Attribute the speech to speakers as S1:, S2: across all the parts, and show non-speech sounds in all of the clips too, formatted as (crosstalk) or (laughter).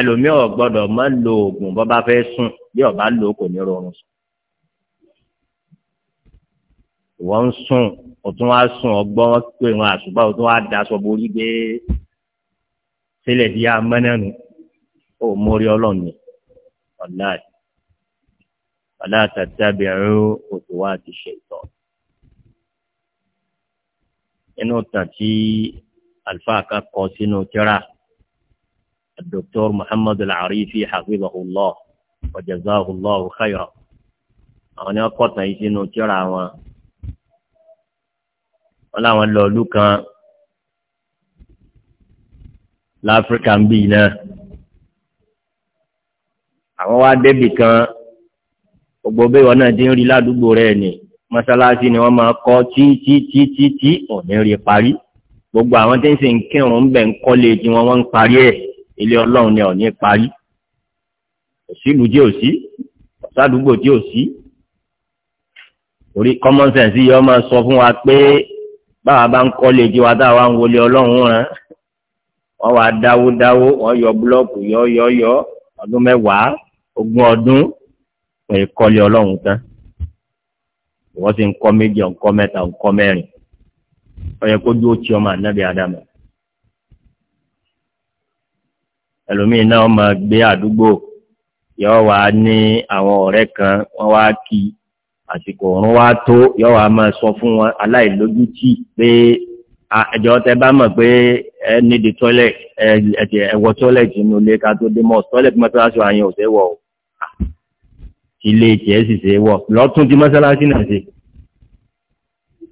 S1: ẹlòmíì ò gbọ́dọ̀ má lo oògùn bó bá fẹ́ sùn bí ó bá lò kò ní rọrùn sùn ìwọ ń sùn ó tún wá sùn ọgbọ́n pé wọn àṣùbà ó tún wá daṣọ borí gbé sílẹ̀ di amẹ́nẹ́nu ó mórí ọlọ́run ni ọ̀la ọ̀la tàtàbẹ̀rẹ̀ òtò wa ti ṣe ìtọ́ inú tàn tí kan kọ sínú tírà. الدكتور محمد العريفي حفظه الله وجزاه الله خيرا أنا akọ́tàn yìí sínú tíra wọn wọn làwọn lọ ìlú kan láfíríkà ń bì náà àwọn wá débì kan gbogbo bẹ́ẹ̀ wọn náà ti ń rí ládùúgbò rẹ̀ ni mọ́sálásí ni wọ́n máa kọ́ tí tí tí tí tí ò rí parí gbogbo àwọn tí ń sìn kírun ń bẹ̀ ń kọ́lé tí wọ́n wọ́n ń parí ẹ̀ ilé ọlọ́run ni ọ̀ní parí òsìlú tí ò sí ọ̀sádùúgbò tí ò sí orí common sense yìí ọmọ sọ fún wa pé báwa bá ń kọ́lé tiwa táwa ń wọlé ọlọ́run rán wọ́n wá dáwó dáwó wọ́n yọ búlọ́ọ̀kù yọ yọ yọ ọdún mẹ́wàá ogún ọdún pé kọ́lé ọlọ́run tán wọ́n sì ń kọ́ méjì ọ̀nkọ́ mẹ́ta ọ̀nkọ́ mẹ́rin ọ̀yẹ́ kó dúró tí ọmọ ànábì ádámù ẹlòmíì náà máa gbé àdúgbò yóò wá ní àwọn ọ̀rẹ́ kan wọ́n wá kí àsìkò ọ̀run wá tó yóò wá máa sọ fún wọn aláìlójútì pé ẹjọ tẹ bá mọ̀ pé ẹ nídi toilet ẹjẹ ẹwọ toilet nínú ilé ká tó dé mọ toilet mọ́ṣáláṣí àyàn ò ṣe wọ̀ o ilé tiẹ̀ sì ṣe lọ́tún tí mọ́ṣáláṣí náà ṣe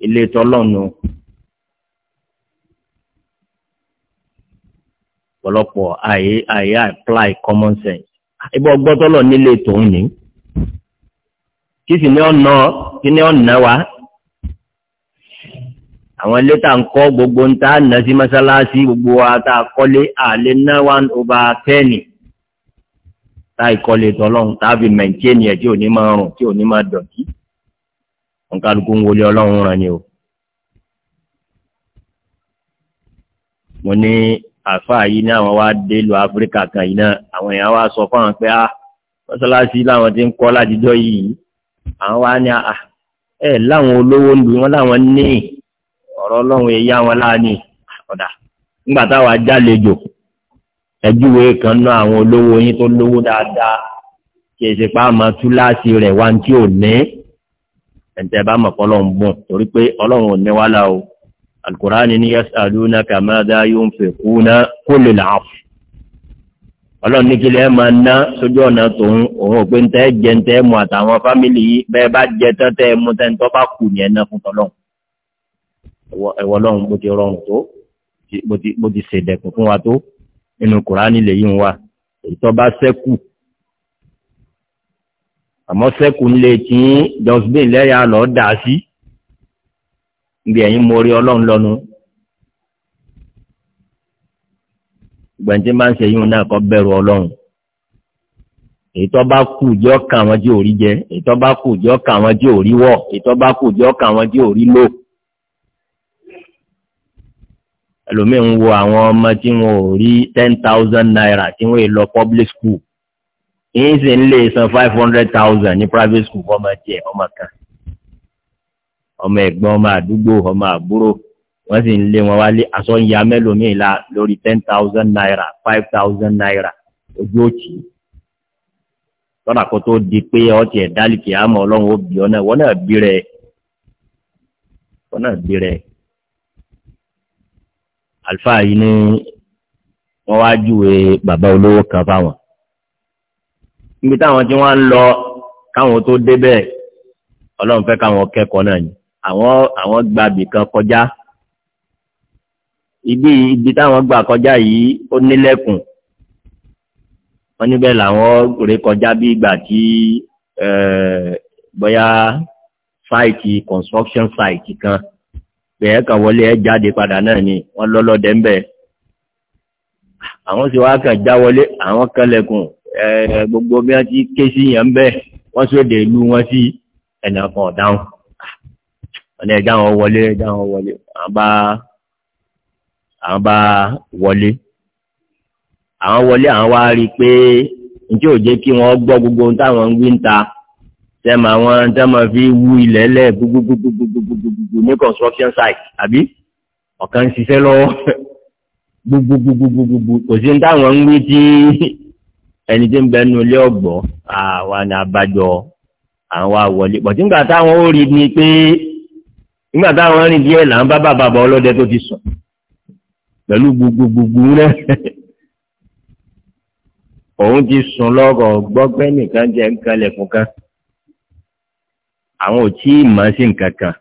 S1: ilé tọlọ́nu pọ̀lọpọ̀ àyè àyè apply common sense ibò gbọ́tọ́lọ̀ nílé tòun ní kí sì ní ọ̀nà kí ní ọ̀nà wa àwọn ilé tá à ń kọ́ gbogbo ń tá nà sí mọ́sálásí gbogbo wa tá a kọ́lé àlè ná one over ten ta ìkọ́lé tọ́lọ́run tá a fi mẹ̀ǹtíẹ́nì ẹ̀ tí ò ní máa rùn tí ò ní máa dọ̀tí nǹkan àdúgbò ń wọlé ọlọ́run ràn ni o. mo ní àfáà yìí ní àwọn wá dé lu áfíríkà kan yìí náà àwọn èèyàn wá sọ fáwọn pé ah mọ́sálásí làwọn ti ń kọ́ látijọ́ yìí àwọn wá ní ah ẹ láwọn olówó ń lu wọn láwọn ní ọ̀rọ̀ ọlọ́run èyí àwọn láàánì ah, ọ̀dà nígbà táwa jálejò ẹjúwe kan náà àwọn olówó yín tó lówó dáadáa kì í ṣe pa àmọ́ túláàsì rẹ̀ wá ní tí ò ní ẹ̀ǹtẹ̀ bá mọ̀ pé ọlọ́run bùn torí pé ọlọ́run ò ní wá láwọn alkùránì ní yásàlúnà kàmáda yóò fi kúnà kólè làáfù ọlọ́run ní kílẹ̀ máa ná sójú ọ̀nà tòun òun ò pé ń tẹ́ jẹ ń tẹ́ mu àtàwọn fámìlì yìí bẹ́ẹ̀ bá jẹ tán tẹ́ mu tẹ́ ń tọ́ bá kù ní ẹ̀ná fún tọ́lọ́run ẹ̀wọ̀ ọlọ́run bó ti rọrùn tó bó ti ṣèdẹ̀kùn fún wa tó nínú kùránì lèyí ń wà èyí bá sẹ́kù àmọ́ sẹ́kù ń lè tí dọ́sbìn níbi ẹ̀yin mórí ọlọ́run lọ́nu gbẹ̀ǹtì máa ń ṣe yíwọn náà kọ́ bẹ̀rù ọlọ́run èyí tó bá kù jẹ́ ọ̀kà àwọn tí ò rí jẹ èyí tó bá kù jẹ́ ọ̀kà àwọn tí ò wọ̀ èyí bá kù jẹ́ ọ̀kà àwọn tí ò lò ẹlòmíín ń wo àwọn ọmọ tí wọn ò rí ten thousand naira tí wọn lọ public school yìí sì ń lè san five hundred thousand ní private school fọmọ tiẹ̀ ọmọ kan ọmọ ẹ̀gbọ́n ọmọ àdúgbò ọmọ àbúrò wọ́n sì ń lé wọn wálé aṣọ ń ya mẹ́lòmíì la lórí ten thousand naira five thousand naira ojú òtí tọ́nà kó tó di pé ọtí ẹ̀ dálìkì àmọ́ ọlọ́run ó bì ọ́ náà wọ́n náà bí rẹ̀ wọ́n náà bí rẹ̀ àlùfáà yìí ní wọ́n wá júwe bàbá olówó kan fáwọn níbi táwọn tí wọ́n ń lọ káwọn tó débẹ̀ ọlọ́run fẹ́ káwọn kẹ́kọ̀ọ́ náà yìí àwọn àwọn gba bìkan kọjá ibi ibi táwọn gbà kọjá yìí ó nílẹ̀kùn wọ́n níbẹ̀ làwọn rè kọjá bí ìgbà tí bóyá sáìtì construction sáìtì kan bẹ̀ẹ́ kan wọlé ẹ jáde padà náà ni wọ́n lọ́lọ́dẹ ń bẹ̀ àwọn sì wá kàn já wọlé àwọn kanlẹ̀kùn gbogbo bí wọ́n ti ké sí yẹn ń bẹ̀ wọ́n sóde ìlú wọn sí ẹnìkan ọ̀dáhùn ọ̀nà ẹ̀dá wọn wọlé ẹ̀dá wọn wọlé àwọn bá àwọn bá wọlé àwọn wọlé àwọn wá rí i pé njẹ́ ò jẹ́ kí wọ́n gbọ́ gbogbo ohun táwọn ń wí ń ta tẹ́mọ̀ àwọn tẹ́mọ̀ fi wú ilẹ̀ lẹ̀ gbogbogbogbogbogbogbò ní construction site àbí ọ̀kan ń ṣiṣẹ́ lọ́wọ́ gbogbogbogbogbogbo kò sí táwọn ń wí tí ẹni tí ń bẹ nu ilé ọ̀gbọ́ àwa ni abájọ àwọn wá wọlé pọ̀ tí ń gbà táwọn ó rí ni pé nígbà táwọn rìn díẹ̀ là ń bá bàbá bàbá ọlọ́dẹ tó ti sùn pẹ̀lú gbogbogbò rẹ̀ òun ti sùn lọ́rọ̀ gbọ́gbẹ́ nìkan jẹ́ ń kalẹ̀ fún kan àwọn ò tí ì mọ̀ sí nǹkan kan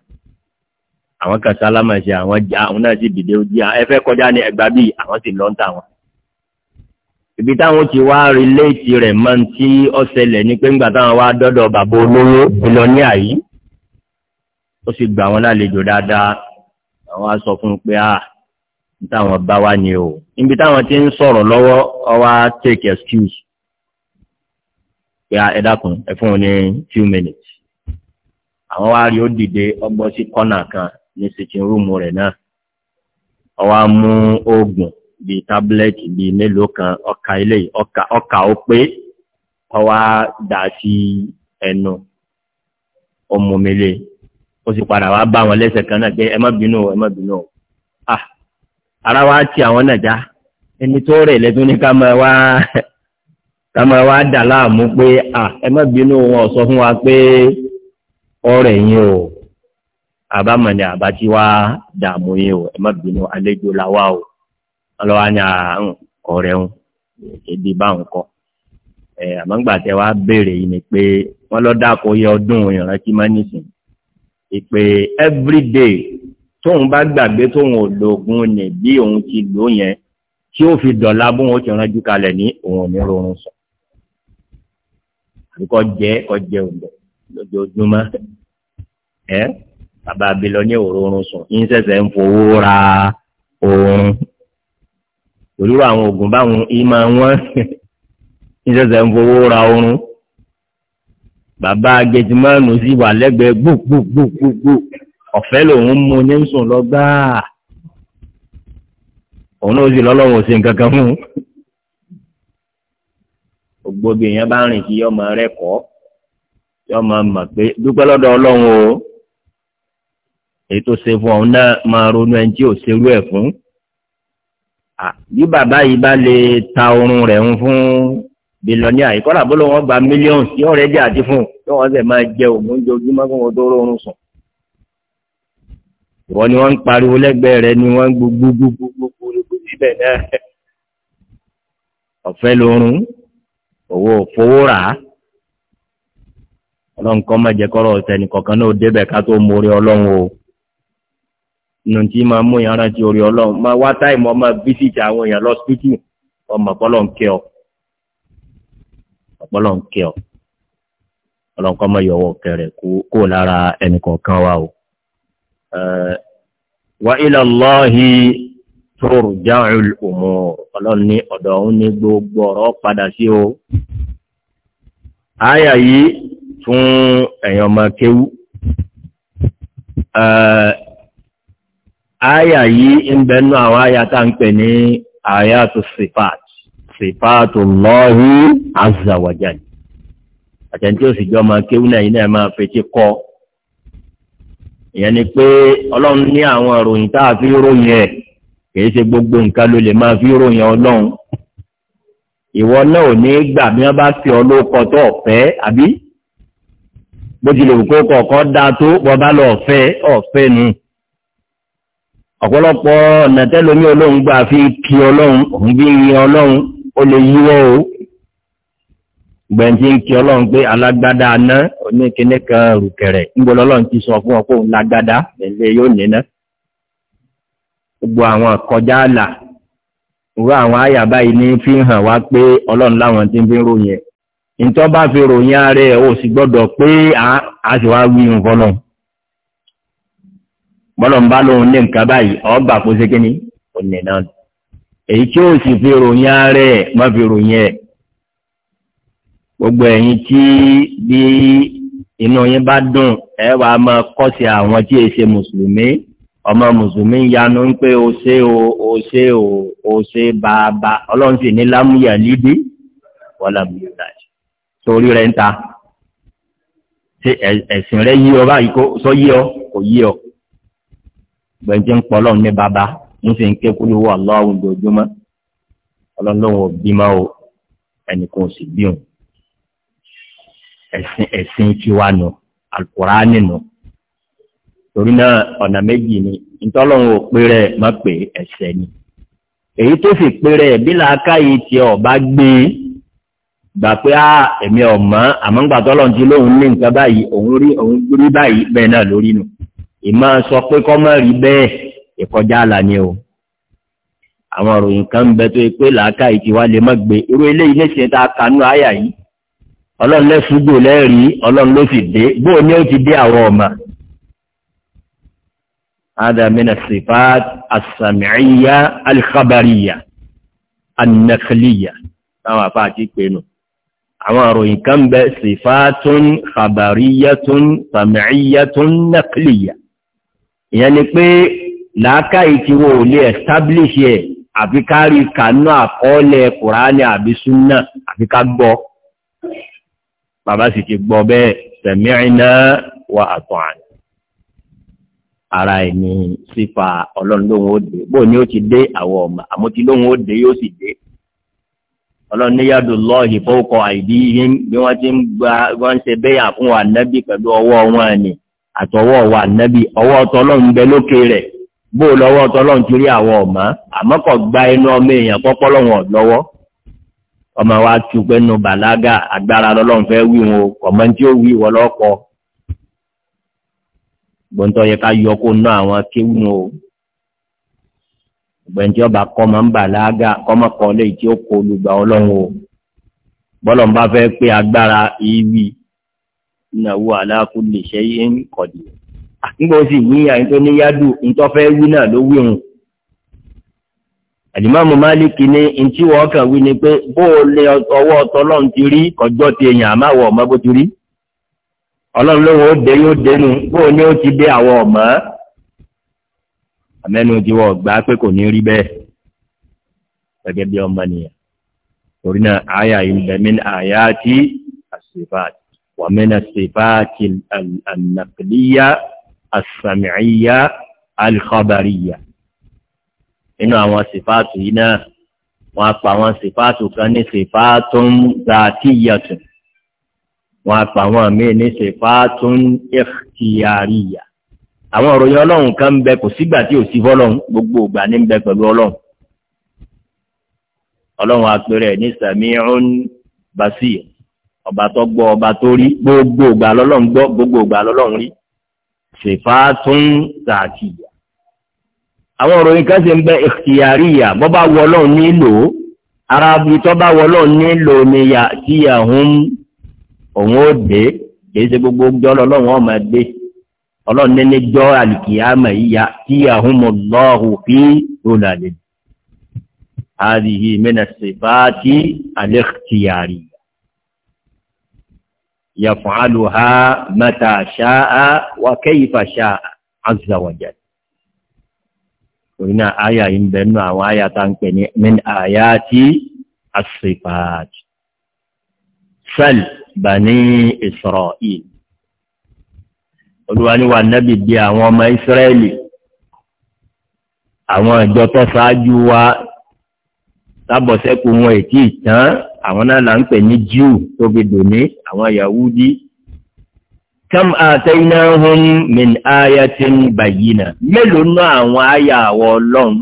S1: àwọn kan sálámà ṣe àwọn já àwọn náà sì dìde ojú ẹ fẹ́ kọjá ní ẹgbà bíi àwọn sì lọ́ ń tà wọn. ibi táwọn ti wá rí léètì rẹ̀ mọ́ tí ó ṣẹlẹ̀ ni pé ńgbà táwọn wá dọ́dọ̀ bàbá olówó ìlọ ní àyí ó sì gbà wọn lálejò dáadáa àwọn á sọ fún un pé ah táwọn bá wá ní o níbi táwọn ti ń sọ̀rọ̀ lọ́wọ́ ọwá take excuse pé ẹ dákun ẹ ní few minutes àwọn wá rí ó dìde ọgbọ́n sí kọ́nà kan ní sitting room rẹ̀ náà ọwá mú oògùn bíi tábìlẹ́tì bíi mélòó kan ọkà ilé ọkà ọkà ó pé ọwá dà sí ẹnu ọmọ mi ó sì padà wá bá wọn lẹ́sẹ̀ kan náà pé ẹ má bínú ẹ má bínú o ah ara wa ti àwọn náà já ẹni tó rẹ̀ lẹ́tún ní (laughs) ká máa wá dà láàmú pé ah ẹ má bínú wọn sọ fún wa pé ọ̀rẹ́ yín o àbámọ̀ ni àbá tí wá dààmú yín o ẹ má bínú àlejò làwa o ọlọ́wà ni àrùn ọ̀rẹ́ ń ebi báwọn kọ ẹ àmọ́ ńgbà tẹ wá béèrè yìí ni pé wọ́n lọ́ dáko yẹ ọdún ìrántí máa nísìnyí ìpè everyday tóun bá gbàgbé tóun ò lògùn ní bí òun ti lò yẹn tí ó fi dọ̀la bóun ó ti ránjú kalẹ̀ ní òun ò ní rọrùn sùn àbíkọ́ jẹ́ ọjẹ́ òun lójoojúmọ́ ẹ́ bàbá abilọ ní òórùn sùn yín ṣẹ̀ṣẹ̀ ń fowó ra oorun òrírò àwọn oògùn báwọn ìmọ̀ wọn yín (laughs) ṣẹ̀ṣẹ̀ ń fowó ra oorun bàbá gẹtìmánù sì wà lẹ́gbẹ̀ẹ́ gbogbogbogbogbò ọ̀fẹ́ lòun mú ní sùn lọ gbáà òun náà sì lọ́lọ́run ò sí nǹkan kan fún un gbogbo bí èèyàn bá rìn kí ọmọ rẹ kọ́ ọmọ mọ̀ pé dúpẹ́ lọ́dọ̀ ọlọ́run o èyí tó ṣe fún ọ̀hún náà máa ronú ẹni tí ò ṣerú ẹ̀ fún bí bàbá yìí bá lè ta oorun rẹ̀ ń fún bìlọ́ní àìkọ́lá bó ló wọ́n gba mílíọ̀nù tí ọ̀rẹ́ jẹ́ àti fún un tí wọ́n sì máa jẹ òun oúnjẹ ojúmọ́ fún wọn tó rọrùn sùn. ìwọ ni wọ́n ń pariwo lẹ́gbẹ̀ẹ́ rẹ ni wọ́n ń gbogbo gbogbo gbogbo gbogbo síbẹ̀ náà. ọ̀fẹ́ lorun owó fowó rà á. ọlọ́run kọ́ máa jẹ kọ́rọ̀ ọ̀sẹ̀ni kọ̀ọ̀kan náà débẹ̀ ká tó mórí ọlọ́run o. inú tí máa mú ìyàrá ti orí ọlọ́run máa wá táìmù ọmọ bísí ọ̀pọ̀lọ́ ń kẹ́ ọ ọlọ́nkọ́ mọ̀ yọ̀wọ́ kẹrẹ̀ kó lára ẹnì kọ̀ọ̀kan wa o. wa ila Allahi turja'ul umur ọlọ́run ní ọ̀dọ̀ òun ní gbogbo ọ̀rọ̀ padà sí o. àyà yìí fún ẹ̀yàn ọmọ kéwú. àyà yìí ń bẹ́nu àwọn àyà tá à ń pè ní àyà tó sèpàt sifatullahi azza wa jalla àtẹ̀ntí ó sì jọ máa kéwú náà yìí náà máa fetí kọ́ ìyẹn ni pé ọlọ́run ní àwọn ìròyìn tá a fi ròyìn ẹ̀ kìí ṣe gbogbo nǹkan ló lè máa fi ròyìn ọlọ́run ìwọ náà ò ní gbà bí wọ́n bá fi ọ lóko tó ọ̀fẹ́ àbí bó ti lè kọ̀ọ̀kan dáa tó bọ́ bá lọ ọ̀fẹ́ ọ̀fẹ́ nu ọ̀pọ̀lọpọ̀ ọ̀nà ọlọ́run gbà fi kí ọlọ́run òun bí yin ọlọ́run ó lè yíwọ́ o gbẹ̀ǹtì ń kí ọlọ́run pé alágbádá aná oníkiní kan rùkẹ̀rẹ̀ ńgbọ́ ọlọ́run ti sọ fún ọ pé òun lágbádá ẹ̀lẹ́ yóò níná gbogbo àwọn kọjá àlà rú àwọn àyà báyìí ní fi hàn wá pé ọlọ́run láwọn ti ń fi ròyìn ẹ̀ ntọ́ bá fi ròyìn ààrẹ ò sì gbọ́dọ̀ pé a sì wá wí nǹkan náà bọ́lọ̀ ń bá lóun ní nǹkan báyìí ọ̀ gbà kó ṣe kíní òun nìyẹn èyí tí ó sì fi ròyìn ààrẹ má fi ròyìn ẹ gbogbo ẹ̀yin tí bí inú yín bá dùn ẹ wà á máa kọ́sí àwọn tí èsè mùsùlùmí ọmọ mùsùlùmí ń yanu ń pé o ṣe o o ṣe o o ṣe bàbà ọlọ́run sì ní lámúyà lídìí wọ́n lámúyà láti torí rẹ̀ ń ta ṣe ẹ̀sìn rẹ̀ yí ọ báyìí kó sọ yí ọ kò yí ọ gbẹ̀ǹtì ń pọ̀ ọlọ́run ní bàbá mo sì ń ké kúlú wà lọ́wọ́ ojoojúmọ́ ọlọ́lọ́wọ́ bímọ o ẹnìkan ò sì bí òun ẹ̀sìn ẹ̀sìn tiwa nù alukurani nù torí náà ọ̀nà méjì ni ntọ́lọ́run ò pé rẹ̀ má pé ẹ̀sẹ̀ ni èyí tó sì pé rẹ̀ bí làákàyè tiẹ̀ ọ̀bá gbé gbà pé á ẹ̀mí ọ̀mọ́ àmọ́ ńgbà tọ́lọ́run ti lóun ní nǹkan báyìí òun rí òun rí báyìí bẹ́ẹ̀ náà lórí nù ìmọ̀ sọ pé kọ́ mọ́ rí bẹ́ẹ̀ ìkọjá àlà ni o àwọn òròyìn kan ń bẹ tó pé làákà ìtì wa lè má gbé irú eléyìí lẹ́sìn tá a kanú àyà yìí ọlọ́run lẹ́sùgbò lẹ́rìí ọlọ́run ló sì dé bó ní ó ti dé àwọn ọmọ adamina sifat asamiya alikabariya anakiliya táwọn afa àti ìpinnu àwọn àròyìn kan ń bẹ sifatun làákàyè tí wọn ò establish ẹ̀ àfi ká àkọọ́lẹ̀ kùránì àbí súnà gbọ́ bàbá sì ti gbọ́ bẹ́ẹ̀ wa ara ẹ̀ si sífà ọlọ́run lóhun ó dé ni ó ti dé àwọn ọmọ àmótí lóhun ó dé yóò sì dé ọlọ́run ní yàdù lọ́ọ̀hì wọn bó o lọ́wọ́ tọ́lọ́n ti rí àwọn ọ̀mọ́ àmọ́ kò gba inú ọmọ èèyàn pọ́pọ́ lọ́wọ́ lọ́wọ́ ọmọ wa tu pé nu bàlágà agbára lọ́lọ́run fẹ́ wí wọn ọmọ tí ó wí wọ́n lọ́kọ́ gbọ́ntọ́ yẹ ká yọ kó ná àwọn kéwù wọn o gbẹ̀ntì ọba kọ́mọ ń bàlágà kọ́mọ kọ́ lé tí ó kó olùgbà ọlọ́run bọ́lọ̀ ń bá fẹ́ pé agbára ìwì ìnáwó aláàkúlè ṣẹ́yìn kọ̀dìyàn nígbà ó sì yíyan ní tó ní yádù ntọ́fẹ́ wí náà ló wí òun. àdìmọ́mù máàlìkì ní ntí wọ́n kàn wí ni pé bó o lè ọwọ́ tọ́lọ́n ti rí ọjọ́ ti èèyàn àmáwọ̀ ọ̀mọ́ bó ti rí ọlọ́run lóhùn ó dé yóò dénú bó o ní ó ti dé àwọn ọ̀mọ́ àmẹ́nu ti wọ̀ gbà pé kò ní rí bẹ́ẹ̀ gẹ́gẹ́ bí ọmọ nìyẹn torí náà àyà ìbẹ̀mí àyà ti àṣìfà wàmínà ṣèfà ti ànàkìlíyà asàmìíyá alikabariya inú àwọn sèpáàtù yìí náà wọn á pa àwọn sèpáàtù kan ní sèpáàtù zàtìyàtù wọn á pa àwọn míì ní sèpáàtù ìkìyàríyà àwọn òròyìn ọlọ́run kan ń bẹ kò sígbà tí ò sí fọlọ́run gbogbo ìgbà ní ń bẹ pẹ̀lú ọlọ́run ọlọ́run àpẹẹrẹ ní sàmíhún basir ọba tó gbọ́ ọba tó rí gbogbo ìgbà lọ́lọ́run gbọ́ gbogbo ìgbà lọ́lọ́run rí sifatun zaatiya àwọn òròyìn kan ṣe ń bẹ ikhtiyariya bọ́ bá wọ ọlọ́run nílò ara bí tọ́ bá wọ ọlọ́run nílò ni yà tí yà hún òun ó dé kìí ṣe gbogbo ọjọ́ ọlọ́run ọmọ dé ọlọ́run ní níjọ́ àlìkìyàmà yíya tí yà hún mọ̀ lọ́hùn fi rọlà lè. هذه من الصفات الاختياريه يفعلها متى شاء وكيف شاء عز وجل قلنا آية ينبنى وآية تنقني من آيات الصفات سل بني إسرائيل olúwa ní wa nẹ́bì bí àwọn ọmọ ìsírẹ́lì àwọn ìjọ tó ṣáájú wa sábọ̀sẹ́kù wọn èkì ìtàn àwọn náà là ń pè ní Júù tó fi dòní àwọn Yahudi kam àtẹ́yìnáhùn min ayatin bayyina mélòó náà àwọn àyà àwọ̀ ọlọ́run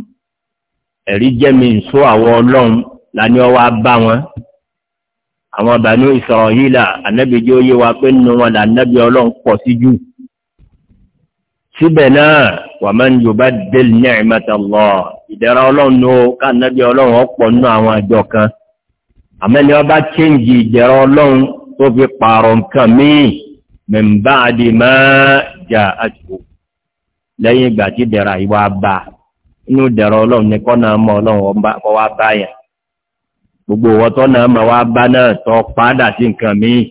S1: ẹ̀rí jẹ́ mi nsó àwọ̀ ọlọ́run lani ọwọ́ bá wọn àwọn Banu Israila ànábìjẹ́ oyé wa pé nínú wọn là ànábì ọlọ́run pọ̀ sí jù síbẹ̀ náà wàmán yubaddil ni'mata Allah ìdẹ̀ra ọlọ́run ó káànábí ọlọ́run ọ̀pọ̀ nínú àwọn àjọ kan àmẹ́ni ọba chéǹjì ìdẹ̀ra ọlọ́run tó fi pààrọ̀ nǹkan míì mẹ̀mbá àdì máa jà àjò lẹ́yìn ìgbà tí ìdẹ̀ra ìwà bá inú ìdẹ̀ra ọlọ́run ní kọ́ náà mọ ọlọ́run kọ́ wá báyà gbogbo ọwọ́ tó náà mọ̀ wá bá náà tọ́ padà sí nǹkan míì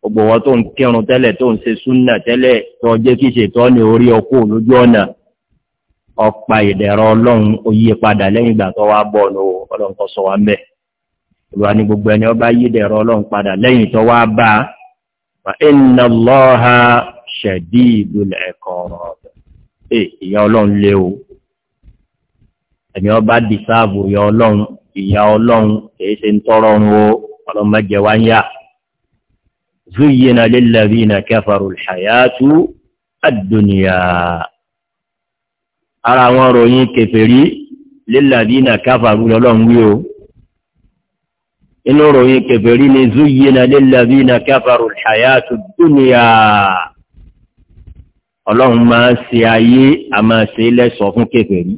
S1: gbogbo ọwọ́ tó ń kírun tẹ́lẹ̀ tó ń ṣe súnà tẹ́lẹ̀ tó jẹ́ kí ṣètọ́ ní orí ọkọ̀ lójú ọ̀nà ọ̀pá ìdẹ̀rọ ọlọ́run oyí padà lẹ́yìn ìgbà tó wá bọ̀ ní ọlọ́run kọ́ sọ wá mẹ́ ìwà ni gbogbo ẹni ọba yí ìdẹ̀rọ ọlọ́run padà lẹ́yìn tó wá bá wa inna Allaha shadidul iqab ẹ̀ ìyá ọlọ́run lé o ẹni ọba dìsáàbù ìyá ọlọ́run ìyá ọlọ́run kìí ṣe ń tọrọ ń wo ọlọ́mọdé wá ń yá zuyyina lil ladhina kafaru al hayatu ad dunya ara àwọn ròyìn kẹfẹ́rí lilladina káfàrú lọ́lọ́run wí o inú ròyìn kẹfẹ́rí ni zuyyina lilladina káfàrú alhayatud dunya ọlọ́run máa ń ṣe ayé a máa ṣe lẹ́sọ̀ fún kẹfẹ́rí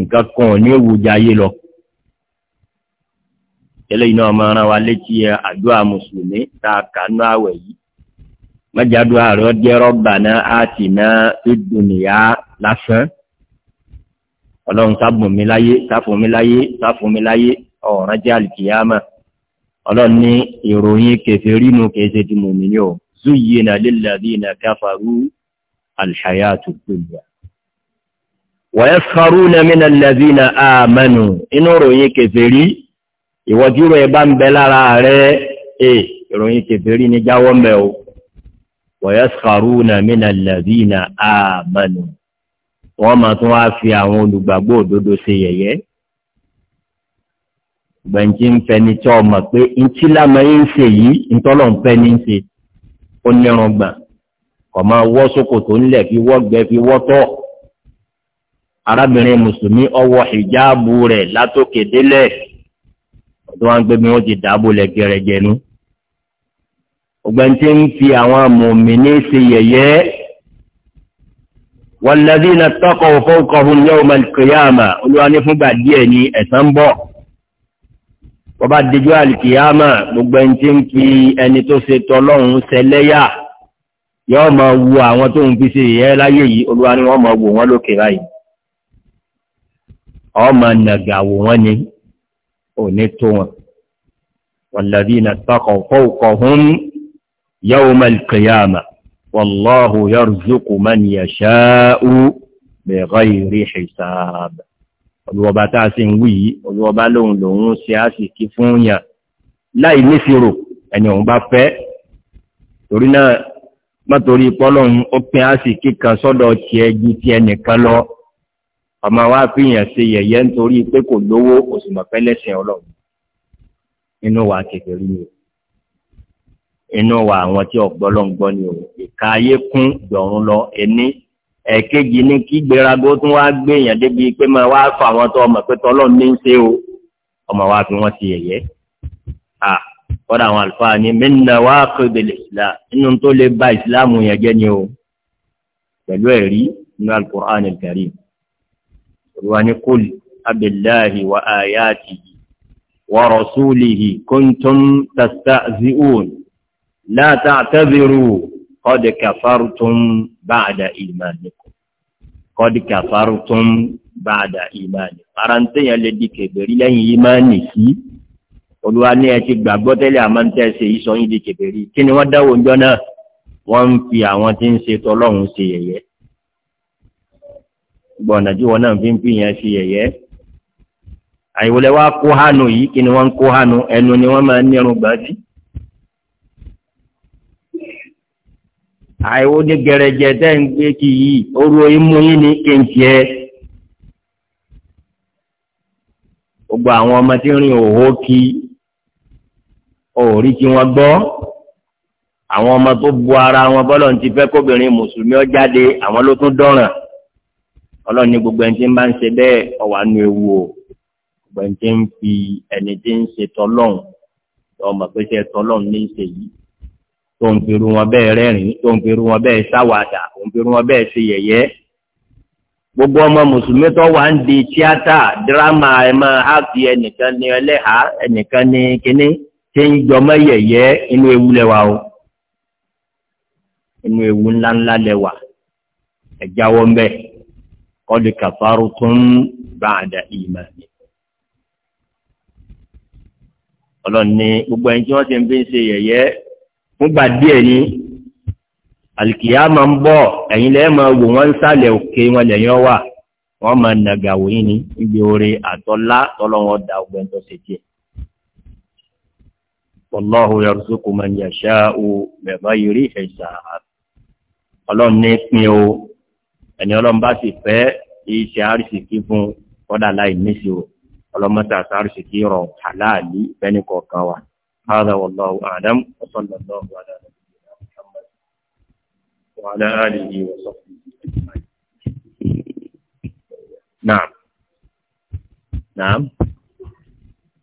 S1: nǹkan kan ní òwúdí ayé lọ eléyìí náà máa rán wa létí àdúrà mùsùlùmí tá a kà àwẹ̀ yìí mọ́jàdúrà rẹ̀ ọ́ jẹ́ rabbana atina fid dunya lásán ọlọ́run sábùn mi láyé sáfùn mi láyé sáfùn mi láyé ọ̀ràn jẹ́ àlìkìyàmà ọlọ́run ní ìròyìn kẹfẹ́rí nu kẹsẹ̀ tí mo nìyẹn o zuyyina lilladhina kafaru alhayatu dunya wa yaskharuna min alladhina amanu inú ìròyìn kẹfẹ́rí ìwọ́júrò ẹ̀ bá ń bẹ lára rẹ̀ ẹ̀ ìròyìn kẹfẹ́rí ni jáwọ́ mẹ́ o wa yaskharuna min alladhina amanu wọ́n máa tún wá fi àwọn olùgbàgbọ́ òdodo ṣe yẹ̀yẹ́ gbẹ̀ǹjì ń fẹni tí ọ mọ̀ pé ntí lámà yín ń ṣe yìí ntọ́lọ̀ ń fẹ́ ní ń ṣe ó nírun gbà kò máa wọ́ ṣòkòtò ńlẹ̀ fi wọ́ gbẹ fi wọ́ tọ́ arábìnrin mùsùlùmí ọwọ́ hijabu rẹ̀ látòkè délẹ̀ ọdún wa ń ti dàbò lẹ̀ gẹ̀rẹ́gẹ̀nu ọgbẹ́ntì ń fi àwọn mùmíní ṣe yẹ̀yẹ́ walladhina ttaqaw fawqahum yawmal qiyamah olúwa ní fúngbà díẹ̀ ní ẹ̀san ń bọ̀ bọ́bá dijú àlìkìyàmà gbogbo ẹni tí ń kí ẹni tó ṣe tọlọ́run ṣẹlẹ́yà yóò máa wo àwọn tó ń fi ṣe ìyẹ́ láyé yìí olúwa ni wọ́n máa wò wọ́n lókè báyìí ọmọ nàgà wò wọ́n ni ò tó wọn walladhina ttaqaw fawqahum yawmal qiyamah wàláhù yàrùzùkù mẹ́ni ẹ̀ṣáú bẹ̀rẹ̀ ìrí hisab olùwọba tá a sì ń wí yìí olùwọba lòun lòun ṣe á sì kí fún yàn láì nífìrò ẹni òun bá fẹ́ torí náà mọ́tòrí pọ́lọ́hún ó pín á sì kíkan sọ́dọ̀ tiẹ̀ ju tiẹ̀ nìkan lọ ọmọ wa fi yàn ṣe yẹ̀yẹ́ nítorí pé kò lówó òsùnmọ̀fẹ́ lẹ́sìn ọlọ́run nínú wa kékeré yìí inú wa àwọn tí ọ̀gbọ́lọ́ngbọ́ ni o ìka ayé kún dọ̀run lọ ẹni ẹ̀kejì ní kí gbérago tún wá gbéyàn débi pé máa wá fọ àwọn tó ọmọ pé tọ́lọ́ ní í ṣe o ọmọ wa fi wọ́n ti yẹ̀yẹ́ à kọ́dà àwọn àlùfáà ni mẹ́nà wá kébele islam inú tó lè ba islam yẹn jẹ́ ni o pẹ̀lú ẹ̀rí inú al-Qur'an al-Karim olùwà ní qul wa ayatihi wa rasulihi kuntum tastahzi'un la ta'tadhiru qad kafartum ba'da imanikum qad kafartum ba'da imanikum. parantéyàn lè di kèbèrí lẹ́yìn ìmánì sí olúwa ní ẹ ti gbàgbọ́ tẹ́lẹ̀ àmọ́ ń tẹ́sẹ̀ yìí sọ yín di kèbèrí kí ni wọ́n dáwọ́ ọjọ́ náà wọ́n ń fi àwọn tí ń ṣe tọ́lọ́hún ṣe yẹ̀yẹ́ gbọ̀nà tí wọn náà fi ń fi yẹn ṣe yẹ̀yẹ́ àìwọlé wa kó hánu yìí kí ni wọ́n ń kó hánu ẹnu ni wọ́n máa ń nírun gbà sí àìwò ní gẹrẹjẹ tẹ́ ń gbé kí yìí orú imú yín ní kéńtì ẹ. gbogbo àwọn ọmọ tí ń rìn òhó kí òórí tí wọ́n gbọ́ àwọn ọmọ tó bu ara wọn bọ́lọ̀ ti fẹ́ kóbìnrin mùsùlùmí ọ jáde àwọn ló tún dọ̀ràn ọlọ́run ní gbogbo ẹni tí ń bá ń ṣe bẹ́ẹ̀ ọ̀wà nu ewu o gbogbo ẹni tí ń fi ẹni tí ń ṣe tọ́lọ́hún ọmọ pé ṣe tọ́lọ́hún ní í tó ń perú wọn bẹ́ẹ̀ rẹ́rìn tó ń perú wọn bẹ́ẹ̀ ṣàwàdà tó ń perú wọn bẹ́ẹ̀ ṣe yẹ̀yẹ́ gbogbo ọmọ mùsùlùmí tó wà ń di tíátà dírámà ẹ máa háàkì ẹnìkan ní ẹlẹ́hà ẹnìkan ní kínní tí ń jọmọ yẹ̀yẹ́ ewu lẹ́wà o inú ewu ńláńlá lẹ́wà ẹ̀jáwọ́ kàfárú bá gbogbo ẹni tí wọ́n fúngbà díẹ̀ ní alìkìyàmà ń bọ̀ ẹ̀yin lẹ́ẹ̀ máa wò wọ́n ń sàlẹ̀ òkè wọn lẹ́yìn ọwà wọ́n máa nàgà wòyí ní ibi oore àtọ́lá tọ́lọ́wọ́n da ọgbẹ́ tó ṣe díẹ̀. Wallahu yarzuqu man yasha'u bi ghayri hisab. Ọlọ́run ní pín o, ẹni ọlọ́run bá sì fẹ́ iṣẹ́ àrísìkí fún kọ́dà láì níṣe o, ọlọ́mọ́ta àrísìkí rọ̀ àláàlí fẹ́ni kọ̀ọ̀kan هذا والله أعلم وصلى الله على نبينا محمد وعلى آله وصحبه نعم نعم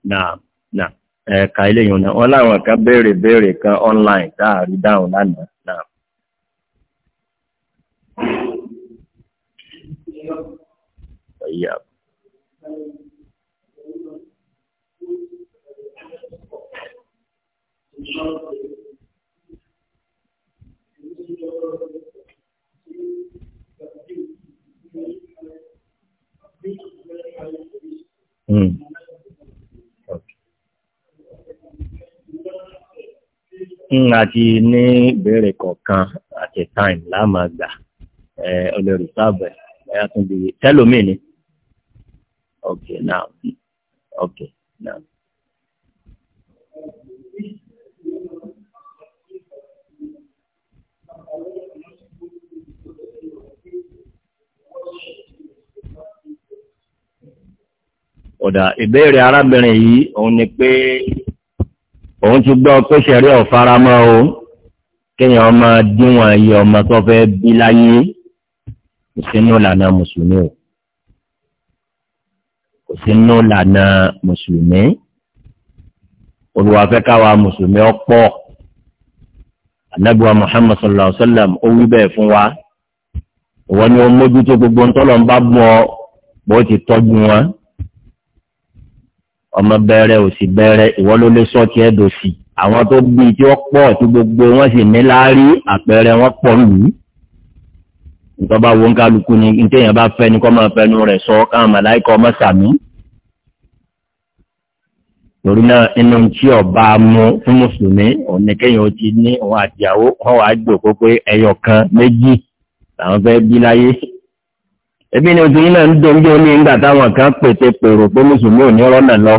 S1: نعم نعم ẹ̀ka ilé yìí náà wọ́n láwọn kan béèrè béèrè kan online táàrí dáhùn lánàá náà. Yeah. Mm. Okay. Hmm, ní ìbéèrè kọ̀ọ̀kan àti time lámàgbà eh, olórí sáàbẹ̀ ẹ̀yà tún ni. now. ọ̀dà ìbéèrè arábìnrin yìí òun ni pé òun ti gbọ́ pé ṣẹ̀rí ọ̀faramọ́ o kéèyàn ọmọ díwọ̀n iye ọmọ tó fẹ́ bí láyé kò sínú ìlànà mùsùlùmí o kò sínú ìlànà mùsùlùmí olùwàfẹ́ mùsùlùmí ọ̀pọ̀ anabiwa muhammad sallallahu alaihi wa sallam ó wí bẹ́ẹ̀ fún wa ìwọ ni ó mójútó gbogbo ntọ́lọ́ ń bá bọ́ bó ti tọ́jú wọn ọmọ bẹ̀rẹ̀ òsì bẹ̀rẹ̀ ìwọ ló lé sọ́ọ̀tì ẹ̀dọ̀ sí àwọn tó bí tí wọ́n pọ̀ tí gbogbo wọn sì ní láárí àpẹẹrẹ wọn pọ̀ lù ú ìtọ́ba wo ń kálukú ni ní téèyàn bá fẹ́ ni kọ́ máa fẹnu rẹ̀ sọ káwọn màláìkọ ọmọ sàmí torí náà inú tí ọba mu fún mùsùlùmí òun ni kéèyàn ti ní òun àtìyàwó wọn wàá jòkó pé ẹyọ kan méjì làwọn fẹ́ bí láyé ebi ni ojú yín náà ń dòun jẹ́ oní ìgbà táwọn kan pète pèrò pé mùsùlùmí ò ní rọ́nà lọ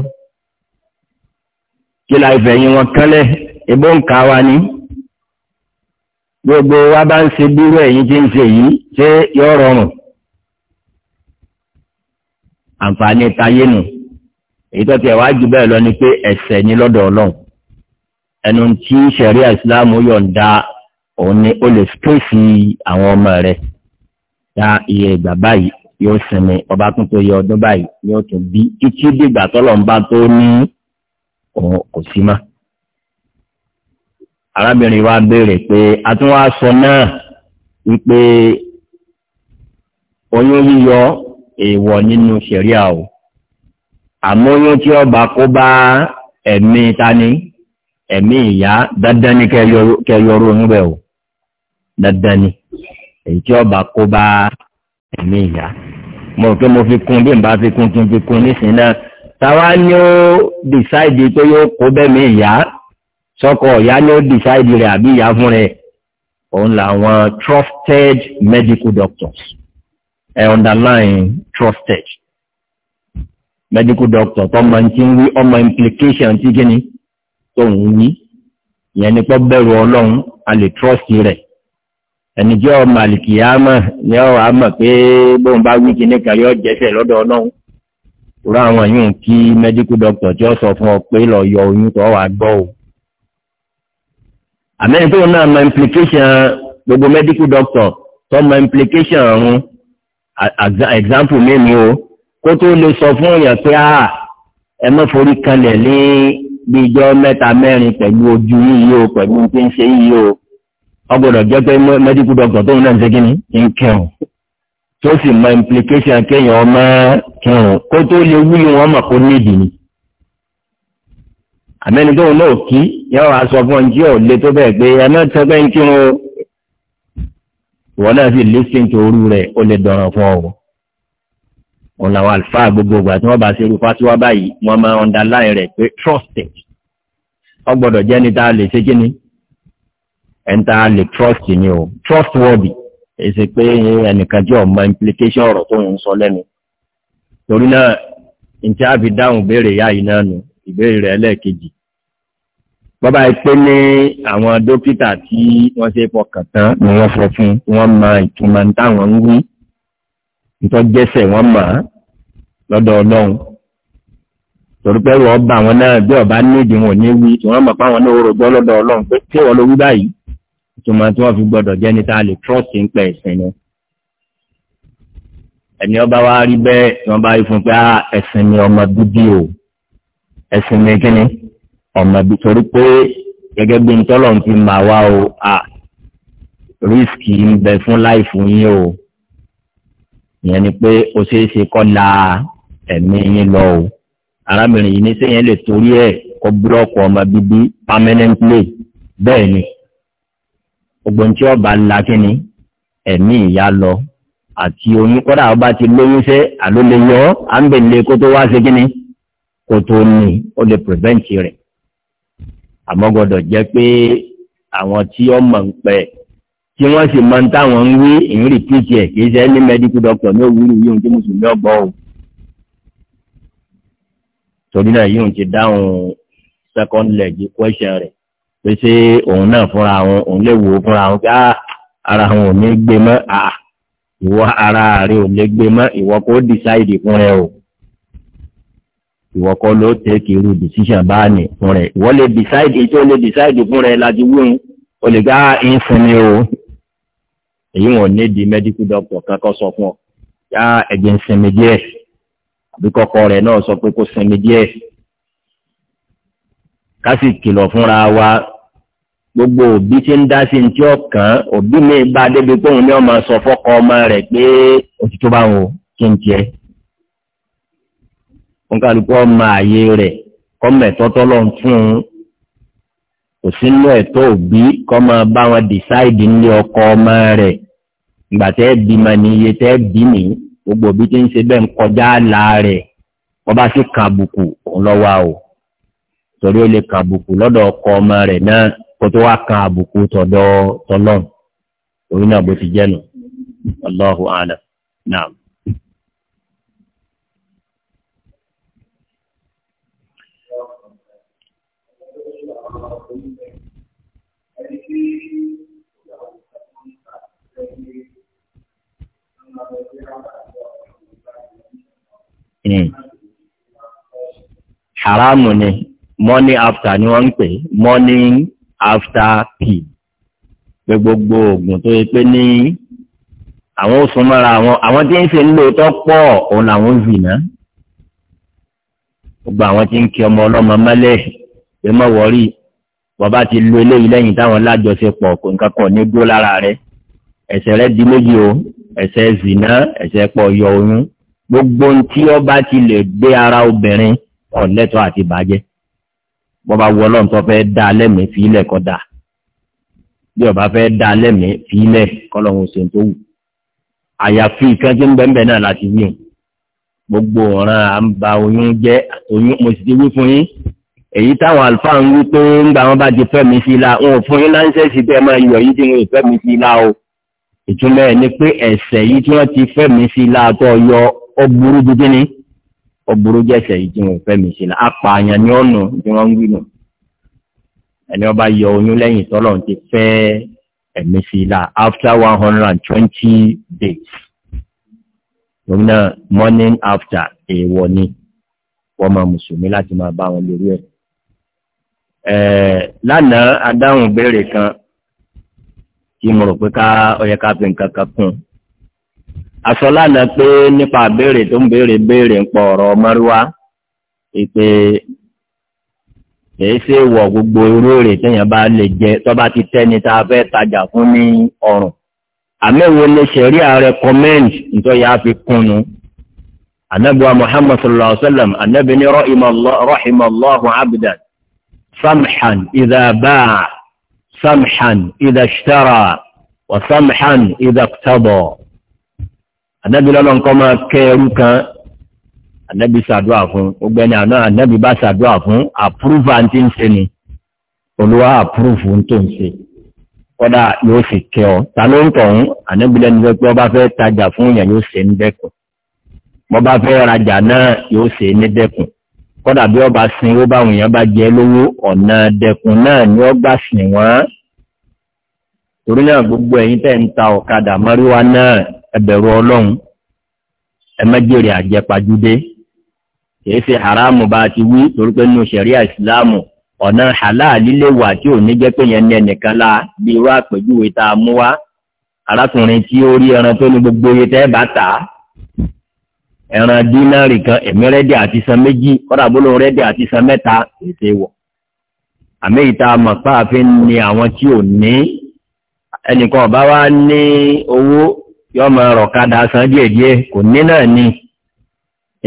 S1: kí la ìfẹ̀yìn wọn kánlẹ̀ ebó ń ka wa ni gbogbo wa bá ń ṣe bírú ẹ̀yìn tí ń ṣe yìí ṣé yọ rọrùn àǹfààní tayé nù èyí tó tiẹ̀ wá jù bẹ́ẹ̀ lọ ni pé ẹ̀ṣẹ̀ ni lọ́dọ̀ ọlọ́run ẹnu tí sẹ̀ríà ìsìláàmù yọ̀ǹda òun ni ó lè fèsì àwọn ọmọ rẹ̀ ya iye ìgbà báyìí yóò sinmi ọba tún tó yẹ ọdún báyìí yóò tún bí títí dìgbà tọ́lọ̀ ń bá tó ní òun kò sí mọ́. arábìnrin wa béèrè pé a tún wá sọ náà wípé oyún yíyọ èèwọ̀ nínú ṣẹ̀ríà o àmọ́ oyún tí ọba kó bá ẹ̀mí tani ẹ̀mí ìyá dandan ni kẹyọrọ oyún bẹ́ẹ̀ o dandan ni èyí tí ọba kó bá ẹ̀mí ìyá mo rò pé mo fi kún bí n bá fi kún kí n fi kún nísìnyí náà táwa ni ó dìsáìdì pé yóò kó bẹ́ẹ̀mí ìyá sọ́kọ̀ ìyá ni ó dìsáìdì rẹ̀ àbí ìyá fún rẹ̀ òun làwọn trusted medical doctors ẹ underline trusted medical doctor tó máa ń ti ń wí ọmọ implication ti gíní tó ń wí ìyẹn ni pé bẹ̀rù ọlọ́run a lè trust rẹ̀ ẹni jẹ́ ọmọ àlìkìyàmọ̀ ni ọ wàá mọ̀ pé bóun bá wí kíní kan yóò jẹ́sẹ̀ lọ́dọ̀ ọlọ́run rọ àwọn yóò kí mẹ́díkù dọ́kítọ̀ tí ó sọ fún ọ pé lọ yọ oyún tó wàá gbọ́ o. àmẹ́rin tóun náà mọ implication gbogbo mẹ́díkù dọ́kítọ̀ tó mọ implication ọ̀run example mi ni o kó tó lè sọ fún èèyàn pé a ẹ mọ́ forí kanlẹ̀ ní bíi mẹ́ta mẹ́rin pẹ̀lú ojú yíyí o pẹ̀lú tí ń ṣe yíyí o ọgbọ́dọ̀ jẹ́ pé medical doctor tóun náà ń ṣe kíni ń kẹrùn tó sì mọ implication kéèyàn ọmọ kẹrùn kó tó lè wúlò wọn mọ̀ kó nídìí ni àmẹ́ni tóun náà kí yóò wá sọ fún ọ jí ò lè tó bẹ́ẹ̀ pé ẹ náà tẹ́ pé ń kírun ìwọ náà sì listen to orú rẹ̀ ó lè dọ̀ràn fún ọ wọn làwọn àlùfáà gbogbo ìgbà tí wọn bá ṣe irú fásiwá báyìí wọn máa underline rẹ̀ pé trusted ọgbọ́dọ̀ jẹ́ ní tá lè ṣe kíni ẹ̀ńtà lè trust ni o trustworthy èsì pé ẹnìkan jẹ́ ọmọ implication ọ̀rọ̀ tó ń sọ lẹ́nu torí náà ntí a fi dáhùn ìbéèrè yá yìí náà nù ìbéèrè rẹ̀ lẹ́ẹ̀kejì bọ́bá yìí pé ní àwọn dókítà tí wọ́n ṣe fọkàn tán ni wọ́n sọ fún wọ́n mọ ìtumọ̀ táwọn ń wí ìtọ́jẹsẹ̀ wọ́n mọ̀ á lọ́dọ̀ ọlọ́run torí pé wọ́n bá wọn náà bí ọba nídìí wọn ò ní wí tí wọ́n mọ̀ pé àwọn náà ó rògbọ́ lọ́dọ̀ ọlọ́run pé tí wọ́n ló wí báyìí ìtumọ̀ tí wọ́n fi gbọ́dọ̀ jẹ́ ní ta lè trọ́ọ̀sì ń pẹ́ ẹ̀sìn ni ẹni ọba wa rí bẹ́ẹ̀ tí wọ́n bá rí fún pé ah, ẹ̀sìn ni ọmọ bíbí o ẹ̀sìn ni kíni ọmọ bíbí torí pé gẹ́gẹ́ bí ntọ́lọ̀ ti mà wá o à rísìkì ń bẹ fún láìfù yín o ìyẹn ni pé o ṣeé ṣe kọ́ la ẹ̀mí yín lọ o arábìnrin yìí ní sẹ́yìn lè torí ẹ̀ kó búlọ́ọ̀kù ọmọ bíbí permanently bẹ́ẹ̀ ni ogbon tí ọba ńlá kínní ẹ̀mí ìyá lọ àti oyún kọ́dà ọba ti lóyún sẹ́ àló lè yọ ọ́ à ń bẹ̀ lé kó tó wá sí kínní kó tó ní ó lè prevent rẹ̀ àmọ́ gbọ́dọ̀ jẹ́ pé àwọn tí ọmọ ń pẹ́ tí wọ́n sì máa táwọn ń wí ìyún rìpíìtì ẹ̀ kì ṣe ní medical doctor ní òwúrò yìí ohun tí mùsùlùmí ọgbọ́n o torí náà yìí ti dáhùn second leg question rẹ̀ pé ṣé òun náà fúnra àwọn òun lè wò ó fúnra àwọn pé ah, ara àwọn ò ní gbé mọ́ ah, ìwọ ara rẹ ò lè gbé mọ́ ìwọ kó dìsáìdì fún rẹ o ìwọ kọ́ ló tẹ́kì irú decision bá ní fún rẹ ìwọ lè decide èyí tó lè decide fún rẹ láti wíwọ́n o lè gbá ah, ń o èyí wọn ní di medical doctor kankan sọ fún ọ yá ẹ̀jẹ̀ ń sinmi díẹ̀ àbí kọ́kọ́ rẹ̀ náà sọ pé kó sinmi díẹ̀ ká fúnra wa gbogbo òbí tí ń dá sí ní tí ó kàn án òbí mi bá a débi pé òun ní ọmọ sọ fọkọ ọmọ rẹ pé òtítọ́ bá wọn kí n tiẹ̀. wọn kálukú ọmọ ààyè rẹ kọ́mọ ẹ̀tọ́ tọ́lọ̀ fún un kò sínú ẹ̀tọ́ òbí kọ́mọ bá wọn dìsáìdì ní ọkọ ọmọ rẹ ìgbà tẹ́ bímọ ní iye tẹ́ bí ní gbogbo òbí tí ń ṣe bẹ́ẹ̀ ń kọjá àlà rẹ̀ wọ́n bá sì kàbùkù òun lọ́wọ́ o torí ó lè kàbùkù lọ́dọ̀ ọkọ ọmọ rẹ̀ náà kó tó wá kan àbùkù tọ̀dọ̀ tọlọ́n orí náà bó ti jẹ́ nù Allahu alam naam. Hmm. haramu ni morning after ni wọ́n ń pè morning after pill pé gbogbo oògùn tó yẹ pé ní àwọn ò sún mọ́ra àwọn àwọn tí ń ṣe ń lò tó pọ̀ òun làwọn ń zìnà gbogbo àwọn tí ń kí ọmọ ọlọ́mọ mọ́lẹ̀ pé mọ́ wọ́rí bàbá ti lo eléyìí lẹ́yìn táwọn lájọṣepọ̀ kò nǹkan kan ní dúró lára rẹ ẹ̀ṣẹ̀ rẹ di méjì o ẹ̀ṣẹ̀ zìnà ẹ̀ṣẹ̀ pọ̀ yọ oyún gbogbo ohun tí ọba ti lè gbé ara obìnrin ọ̀lẹ́tọ̀ àti bàjẹ́ bọ́ba wọ ọlọ́run tó fẹ́ dá lẹ́mìí fílẹ̀ kọ́ dà bí ọba fẹ́ dá lẹ́mìí fílẹ̀ kọ́lọ́run ṣe tó wù àyàfi ìkan tí ń bẹ́ẹ̀ náà láti wí gbogbo ọ̀ràn à ń ba oyún jẹ́ àtòyún mo sì ti wí fún yín èyí táwọn àlùfáà ń wí pé ńgbà wọn bá ti fẹ́ mi sí la wọn fún yín láńṣẹ́ sí bẹ́ẹ̀ máa yọ yín tí wọn fẹ́ mi sí la o ìtumọ̀ ẹ̀ ni pé ẹ̀ṣẹ̀ yìí tí wọ́n ti fẹ́ mi sí la tó yọ ó burú dídí ni ó burú jẹ́sẹ̀ yìí tí wọ́n fẹ́ mi ṣe apààyàn ni ọ̀nà tí wọ́n ń wí nù ẹni ọba yọ oyún lẹ́yìn tọ́lọ̀ ti fẹ́ ẹ̀mí sí i la after one hundred and twenty days gómìnà morning after èèwọ̀ ni wọ́n máa mùsùlùmí láti máa bá wọn lórí ẹ̀. lánàá adáhùn béèrè kan tí mo rò pé ká ó ká fi nǹkan kan kún un asọ́lànà pé nípa béèrè tó ń béèrè béèrè ń pọ̀ ọ̀rọ̀ mọ́rúwá ìpè kìí ṣe wọ̀ gbogbo irú èrè téèyàn bá lè jẹ tó bá ti tẹ́ni tá a fẹ́ tajà fún ní ọrùn àmẹ́wo lè ṣẹ̀rí ààrẹ kọ́mẹ́ǹtì nítorí a fi kúnnu anabiwa muhammad sallallahu alaihi wa sallam anabi ni rahimallahu abdan samhan idha baa samhan idha ishtara wa samhan idha iqtada ànábì lọ́lọ́n kọ́ máa kẹ́ ẹrú kan ànábì ṣàdúrà fún gbogbo ẹni àná ànábì bá ṣàdúrà fún àpúrúfù àǹtí ń ṣe ni olúwa àpúrúfù ń tó ń ṣe kọ́dà yóò sì kẹ́ ọ ta ló ń tọ̀hún ànábì lẹ́nu fẹ́ pé ọba fẹ́ tajà fún èèyàn yóò ṣe ń dẹ́kun bọ́ba fẹ́ rajà náà yóò ṣe ní dẹ́kun kọ́dà bí ọba sin ó bá àwọn bá jẹ lówó ọ̀nà dẹ́kun náà ni ó gbà sìn wọ́n torí náà gbogbo ẹ̀yin tẹ́ ń ta ọ̀kadà mọ́ríwá náà ẹbẹ̀rù ọlọ́run ẹmẹ́jèrè àjẹpajúdé kìí ṣe haramu bá ti wí torí pé nínú ṣẹ̀ríà ìsìláàmù ọ̀nà halali lè wà tí ò ní jẹ́ pé yẹn ní ẹnìkan la bí irú àpèjúwe tá a mú wá arákùnrin tí ó rí ẹran tó ní gbogbo iye tẹ́ bá tà á ẹran dínárì kan èmi rẹ́dì àti san méjì kọ́dà bó lóun rẹ́dì àti san mẹ́ta ètè wọ̀ àmì ìta mọ̀ pàáfin ni àwọn tí ò ní ẹnìkan ọ̀bá wa ní owó yọ máa rọ̀ kadà san díẹ̀díẹ̀ kò ní náà ni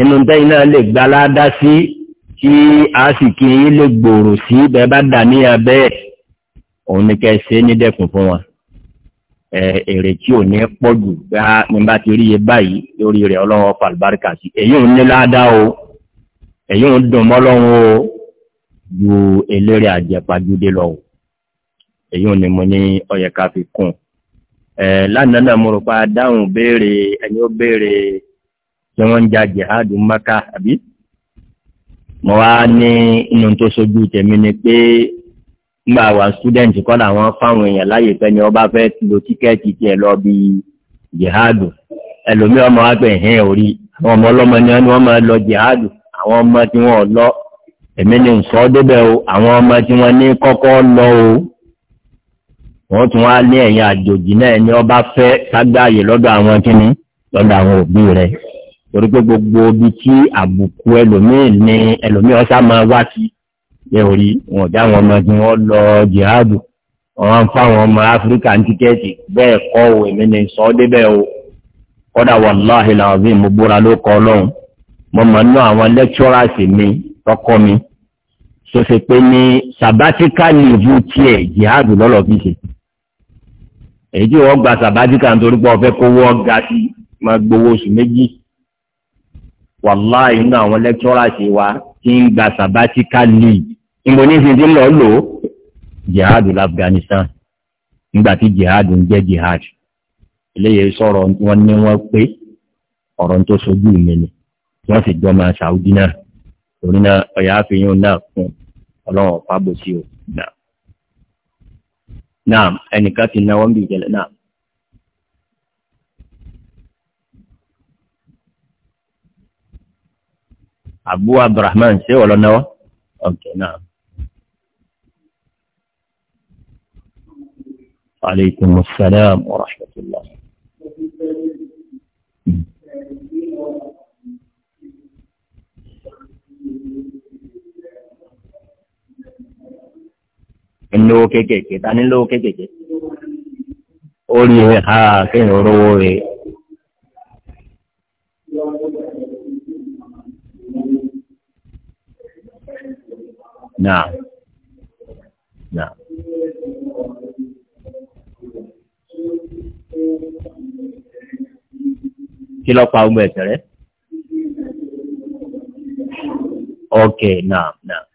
S1: inú tẹ́yìn náà lè gba aládá sí tí a sì kí yín lè gbòòrò sí bẹ́ẹ̀ bá dà ní abẹ́ òun ni kẹ́ ẹ ṣe ní dẹ́kun fún wọn èrè tí ò ní pọ̀ jù bá ní bá ti rí iye báyìí lórí rẹ̀ ọlọ́run ọ̀pọ̀ sí èyí ò ní ládá o èyí ò ń dùn mọ́lọ́run o ju eléré àjẹpàjúdé lọ o èyí ò ní mo ní ó ká fi kún un. Eh, lánàá náà mo rò pa dáhùn béèrè ẹni ó béèrè tí wọ́n ń ja jihad maka àbí mo wá ní inú tó sojú tèmi ni pé nígbà wà student kọ́ làwọn fáwọn èèyàn láyè pé ni wọ́n bá fẹ́ lo tíkẹ́ẹ̀tì tiẹ̀ lọ bí jihad ẹlòmíì ọmọ wa pè hẹ́n orí àwọn ọmọ ọlọ́mọ ni wọ́n máa lọ jihad àwọn ọmọ tí wọ́n lọ èmi ni nsọ́ débẹ̀ o àwọn ọmọ tí wọ́n ní kọ́kọ́ lọ o. wọ́n tún wá ní ẹ̀yìn àjòjì náà ẹni ọba fẹ́ kágbáyé lọ́dọ̀ àwọn kíní lọ́dọ̀ àwọn òbí rẹ̀ torí pé gbogbo ibi tí àbùkù ẹlòmíín ní ẹlòmíín ọ̀sá máa wá sí ẹ ò rí wọn ọ̀dá àwọn ọmọ tí wọ́n lọ jihadu wọn fáwọn ọmọ áfíríkà ní tíkẹ́ẹ̀tì bẹ́ẹ̀ kọ́ ò èmi ní sọ ọ́ débẹ̀ o kọ́dà wàláhì làwọn mo búra ló kọ́ ọlọ́run mo mọ̀ nínú àwọn lecturers mi tọkọ mi tó ṣe pé ní sabatika leave tiẹ̀ jihadu lọ́lọ́ fi ṣe èyí tí wọ́n gba sàbájíkà nítorí pé ọ̀fẹ́ kówó ọ̀gá sí máa gbowó oṣù méjì wàláì nínú àwọn lẹ́kítọ́ràṣì wa ti ń gba sàbájíkà league ìmọ̀ nísìnyí ti ń lọ lò ó jihad l'Afghanistan nígbà tí jihad ń jẹ́ jihad eléyìí sọ̀rọ̀ wọn ní wọ́n pé ọ̀rọ̀ tó sojú mi ni wọ́n sì jọ máa Saudi náà torí náà ọ̀yà àfihàn náà fún ọlọ́run ọ̀pá bó sí o náà. نعم يعني كاتي النوم بيجل نعم أبو عبد الرحمن سي ولا نوى أوكي نعم عليكم السلام ورحمة الله ẹnlówó kéékèèké ta ní lówó kéékèèké
S2: ó rí ẹ ha
S1: kéèyàn rówó rẹ. nah. náà. kí ló pa ọmọ ẹ̀sẹ̀ rẹ̀? ok náà náà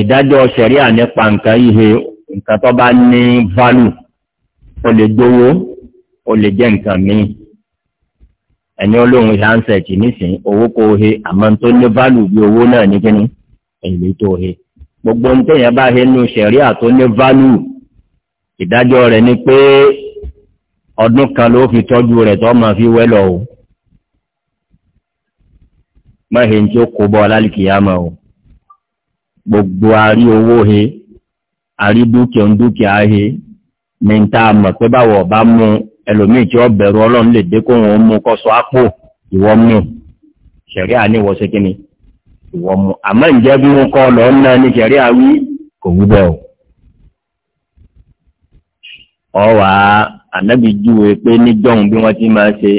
S1: ìdájọ́ ṣẹ̀ríà nípa nǹkan ihe nǹkan tó bá ní value ó lè gbówó ó lè jẹ́ nǹkan míì ẹni olóhùn handset nísìnyí owó kò he àmọ́ tó ní value bí owó náà ní kíní èlé tó he gbogbo ní téèyàn bá he nínú ṣẹ̀ríà tó ní value ìdájọ́ rẹ̀ ni pé ọdún kan ló fi tọ́jú rẹ̀ tó máa fi wẹ́lọ̀ o má he ní tí ó kó bọ́ alálìkìyàmọ̀ gbogbo àrí owó he àrí dúkìá ń dúkìá he ní n ta mọ̀ pé báwo ọba mú ẹlòmíì tí ó bẹ̀rù ọlọ́run lè dé kó wọn mú kó sọ àpò ìwọ mú ṣẹ̀rí àníwọ̀ ṣe kí ni ìwọ mú àmọ́ ǹjẹ́ bí wọ́n kọ́ lọ ńlá ní ṣẹ̀rí àwí kò wú bẹ́ẹ̀ o. ọ̀wà ànábì júwe pé níjọ́hun bí wọ́n ti máa ṣe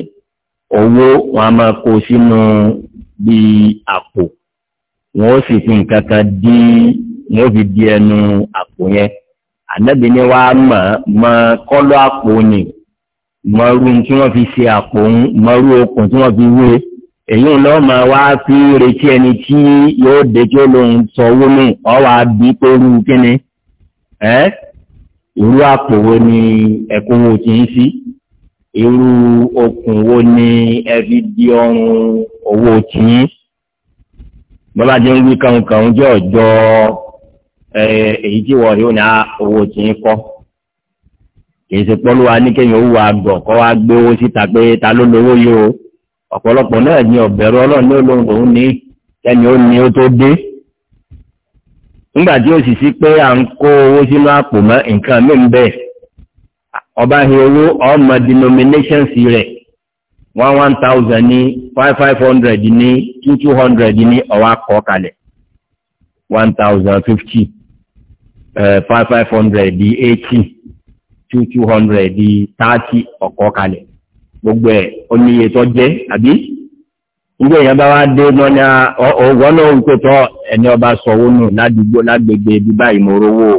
S1: owó wọn máa kó sínú bíi àpò wọ́n ó sì fi nǹkan kan dí wọn fi di ẹnu àpò yẹn ànábì ni wà á mọ̀ mọ kọ́lọ́ àpò ni mọ̀rú tí wọ́n fi ṣe àpò ń mọ̀rú okùn tí wọ́n fi wé èyí lọ́ máa wá fi retí ẹni tí yóò dé tí ó lòun sọ owó nù ọ́ wá bí pé rú kíni ẹ́ irú àpò wo ni ẹ̀kúnwó ti ń sí irú okùn wo ni ẹ fi di ọrùn owó ti ń sí. bọ́lá jẹ́ ń wí kàùnkàùn jẹ́ ọ̀jọ́ èyí tí wọ́n yóò ní owó tí ń kọ́ kìí ṣe pọ́lú wa ní owó àgọ̀ kọ́ wa gbé owó síta pé ta ló lówó yìí o ọ̀pọ̀lọpọ̀ náà ní ọ̀bẹ̀rù ọlọ́run ní olóhùn òun ní kẹ́ni ó ní ó tó dé nígbà tí ó sì sí pé à ń kó owó sínú àpò mọ́ nǹkan mí one one thousand ní five ní two ní ọwọ́ kalẹ̀ one thousand fifty five five hundred di eighty two two hundred di thirty ọkọ kalẹ̀ gbogbo ẹ̀ ó tó jẹ́ àbí èèyàn bá wá dé náà ní ọgbọ́n náà ẹni ọba nù ládùúgbò lágbègbè bí báyìí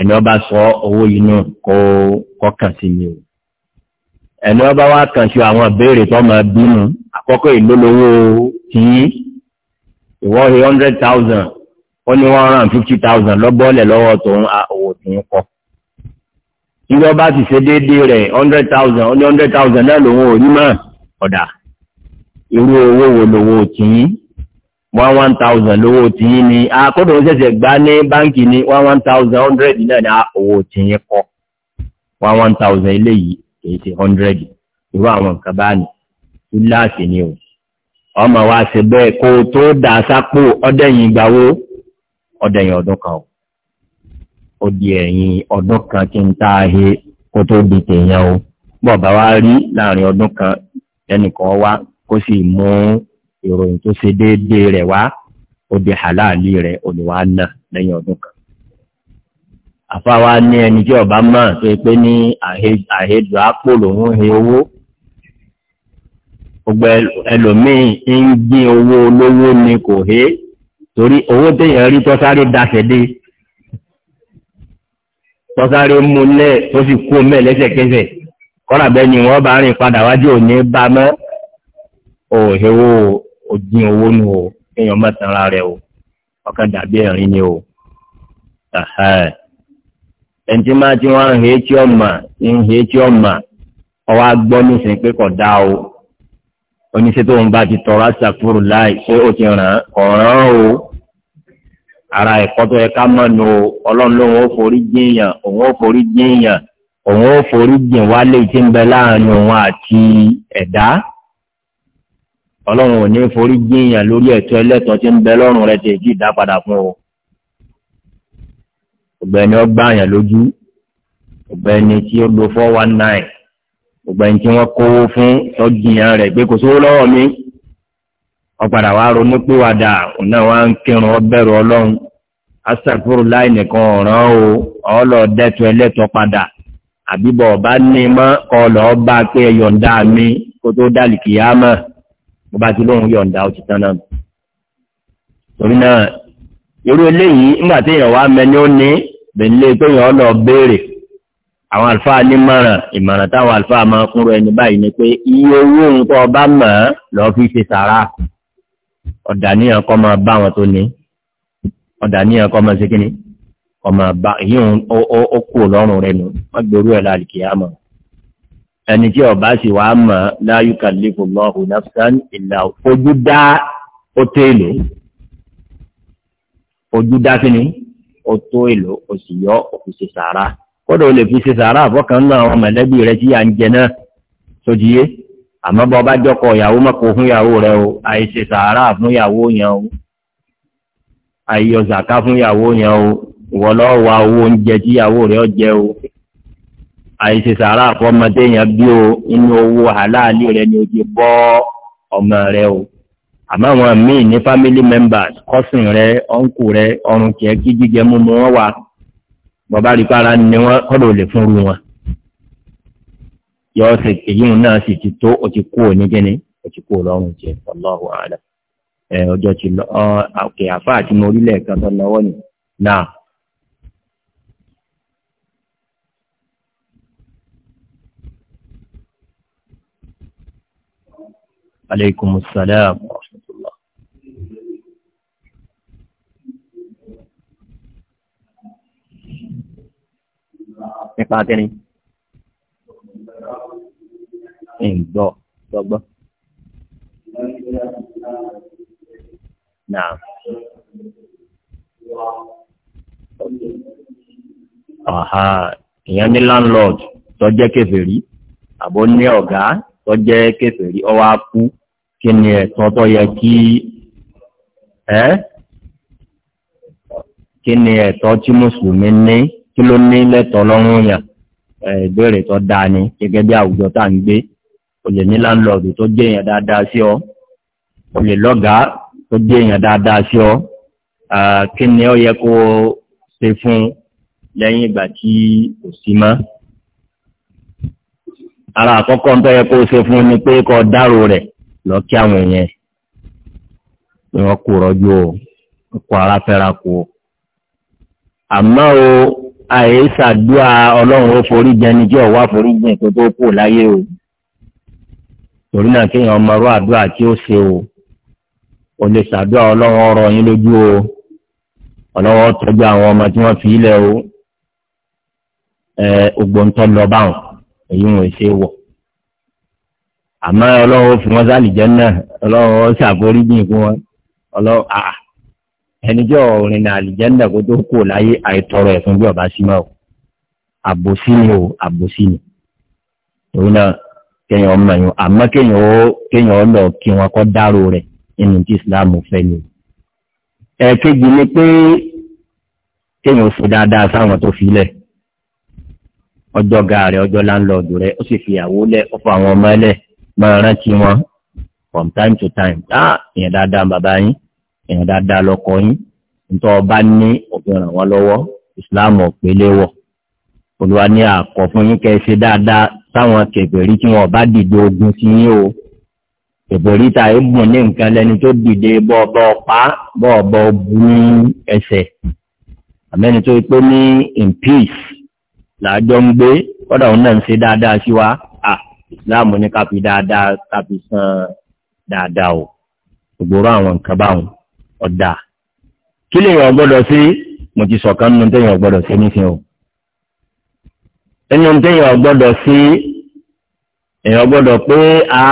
S1: ẹni ọba sọ owó yìí nù kó kọ́kàn o. ẹni ọba wa kàn ṣe àwọn ìbéèrè tó máa bínú àkọ́kọ́ ìlólówó tìyín ìwọ he hundred thousand ó ní one fifty thousand lọ́bọ́ọ̀lẹ̀ lọ́wọ́ tòun àwò tìyín kọ́ ìwọ bá ti ṣe déédéé rẹ̀ hundred thousand ó ní hundred thousand náà lòun ò ní mọ̀ ọ̀dà irú owó wo lówó tìyín one one thousand lówó tìyín ni àkọ́dọ̀ ń ṣẹ̀ṣẹ̀ gbá ní báńkì ní one one thousand hundred náà ní owó tìyín kọ́ one one thousand eléyìí kìí hundred irú àwọn nǹkan ni o ọmọ wa ṣe bẹ́ẹ̀ kó o tó dà sápò ọdẹ́yìn ìgbàwó ọdẹ́yìn ọdún kan o ó di ẹ̀yìn ọdún kan kí n tá he kó tó di tèèyàn o bọ̀ bá wa rí láàrin ọdún kan ẹnìkan wá kó sì mú ìròyìn tó ṣe déédéé rẹ̀ wá ó di rẹ̀ àfáwa ní ẹni tí ọba máa tó yẹ pé ní àhejò àpò lòún he owó gbogbo ẹlòmíì ń gbin owó olówó ni kò he torí owó téèyàn rí tọ́sáré daṣẹ̀ dé tọ́sáré mú lẹ̀ tó sì kú mẹ́ lẹ́sẹ̀kẹsẹ̀ kọ́ra bẹ́ẹ̀ ni wọ́n bá rìn padà wájú òní bá mọ́ òhèwò òdin owó nu o kéèyàn mọ́ tanra rẹ̀ o ọkàn dàbí ẹ̀rín ni o. ẹnití máa ti wọn hẹ tí ọ mà ń hẹ tí ọ mà ọwọ agbọ nísìnyí o oníṣẹ́ tó ti tọrọ àṣàkúrò láì ti ràn ara ẹ̀kọ́ tó yẹ ká mọ̀ o ọlọ́run forí òun ó forí òun ó forí jìn ń bẹ láàrin òun àti ẹ̀dá ọlọ́run ò ní forí lórí ẹ̀tọ́ tí ń fún o. ọ̀gbẹ́ni ọgbà àyàn lójú ọ̀gbẹ́ni tí ó lo four one nine tí wọ́n kówó fún tọ́jìyàn rẹ pé kò sówó lọ́wọ́ mi ọ̀padà wa ronú pé wàdà òun náà wá ń kírun ọbẹ̀rù ọlọ́run láì nìkan ọ̀ràn o dẹtọ padà àbíbọ ọba ní mọ pé mi kó tó bá ti lóhun ó ti tán náà torí náà eléyìí tí èèyàn wá ó bẹ̀ńlẹ̀ pé yàn ọ́ lọ béèrè àwọn àlùfáà nímọ̀ràn ìmọ̀ràn táwọn àlùfáà máa kúrò ẹni báyìí ni pé iye owó nǹkan ọba mọ̀ ọ́ lọ́ọ́ fi ṣe sàrà ọ̀dà níyàn kọ́ máa bá wọn tó ní ọ̀dà níyàn kọ́ máa ṣe kí ni kọ́ máa bá ìyóò ó kú lọ́rùn rẹ nù wọ́n gbèrú ẹ̀ láàlìkì àmọ́ ẹni tí ọba sì wá mọ̀ la yukallifullahu nafsan illa fojú dá ó tẹ́lẹ̀ ojú dá kí ni ó tó èlò ó sì yọ ó fi ṣe sàárà kódà ó lè fi ṣe sàárà àfọkàn náà àwọn mọ̀lẹ́bí rẹ tí à ń jẹ náà sójú yé àmọ́ bọ́ bá jọ́kọ̀ ìyàwó mọ́kò fún ìyàwó rẹ o àìṣe sàárà fún ìyàwó yẹn o àìyọ zàká fún ìyàwó yẹn o ìwọ wa owó oúnjẹ tí ìyàwó rẹ ọ jẹ o àìṣe sàárà fọmọdé yẹn bí o inú owó àláàlì rẹ ni o ti bọ́ ọmọ rẹ o. àmọ́ àwọn míì ní family members cousin rẹ uncle rẹ ọrùn tiẹ̀ kí jíjẹ múmu wọn wà bàbá rìpára ni wọn kọ́dọ̀ lè fún ru wọn yọ ọ́ èyí náà sì ti tó o ti kú òní gẹ́ni o Allahu ala ẹ ọjọ́ ti ọ orílẹ̀ tó salaam. nípa kíni ǹgbọ́ gbọ́gbọ́. Náà. Àhà ìyẹn ní landlord tó jẹ́ kèfèrí àbó ní ọ̀gá tó jẹ́ kèfèrí ó wá kí ni ẹ̀tọ́ tó yẹ kí ẹ́ kí ni ẹ̀tọ́ tí mùsùlùmí ní. kí ló ní lẹ́tọ̀ọ́ lọ́rùn yàn ìbéèrè tó dáa ni gẹ́gẹ́ bí àwùjọ tá à ń gbé o lè ní láńlọ́ọ̀dù tó jẹ́ èèyàn dáadáa sí ọ o lè lọ́gàá tó jẹ́ èèyàn dáadáa sí ọ kí ni ó yẹ kó o ṣe fún lẹ́yìn ìgbà tí kò sí mọ́ ara àkọ́kọ́ tó yẹ kó o ṣe fún ni pé kó o dárò rẹ̀ lọ àwọn èèyàn ni wọ́n kó rọ́jú o ara fẹ́ra kó o àmọ́ o àìsàdúà ọlọ́run ó forí jẹni jẹ́ ọ̀wá forí jẹ kó tó kù láyé o torí náà kéèyàn ọmọ ọrọ̀ àdúrà tí ó ṣe o ò lè ṣàdúà ọlọ́run ọrọ̀ yín lójú o ọlọ́wọ́ tọ́jú àwọn ọmọ tí wọ́n fi ilẹ̀ o ògbóǹtọ́ lọ báwọn èyí wọn ṣe wọ̀ àmọ́ ọlọ́wọ́ fi wọ́n sálì jẹ́ náà ọlọ́wọ́ ṣàforíjì fún wọn ọlọ́wọ́ àà ẹnijọ́ orin náà àlìjẹ́ndà kó tó kò láyé àìtọrọ ẹ̀fún bí ọba símọ́ o àbòsí ni o àbòsí ni torí náà kéèyàn ọmọ yẹn àmọ́ kéèyàn ó kéèyàn ó lọ kí wọn kọ́ dárò rẹ̀ nínú tí ìsìláàmù fẹ́ ni. ẹ̀ẹ́kejì ni pé kéèyàn ó fi dáadáa sáwọn tó fi ọjọ́ ga rẹ̀ ọjọ́ láńlọ́ọ̀dù rẹ̀ ó sì fi àwo lẹ̀ ó fọ àwọn ọmọ ẹlẹ̀ máa rántí wọn from time to time ah ìyẹn dáadáa bàbá yín èèyàn dáadáa lọkọ yín nítorí ọba ní òfin ràn wọ́n lọ́wọ́ islam ọ̀pẹ́lẹ́ wọ̀ olúwa ní àkọ́ fún yín kẹ́ ẹ ṣe dáadáa táwọn kèfèrí tí wọn bá dìde ogun sí yín o kèfèrí ta ebùn ní nǹkan lẹ́ni tó dìde bọ́ọ̀bọ́ pa bọ́ọ̀bọ́ bu ní ẹsẹ̀ àmẹ́ni tó pé ní in peace làájọ́ ń gbé kọ́dà òun náà ń ṣe dáadáa sí wa islam ní ká fi dáadáa ká fi san dáadáa o ògbóró àwọn nǹkan báwọn ọ̀dà kí lèyàn ọgbọ́dọ̀ sí mo ti sọ̀kan nínú téèyàn ọgbọ́dọ̀ sí nísìnyí o nínú téèyàn ọgbọ́dọ̀ sí èèyàn gbọ́dọ̀ pé a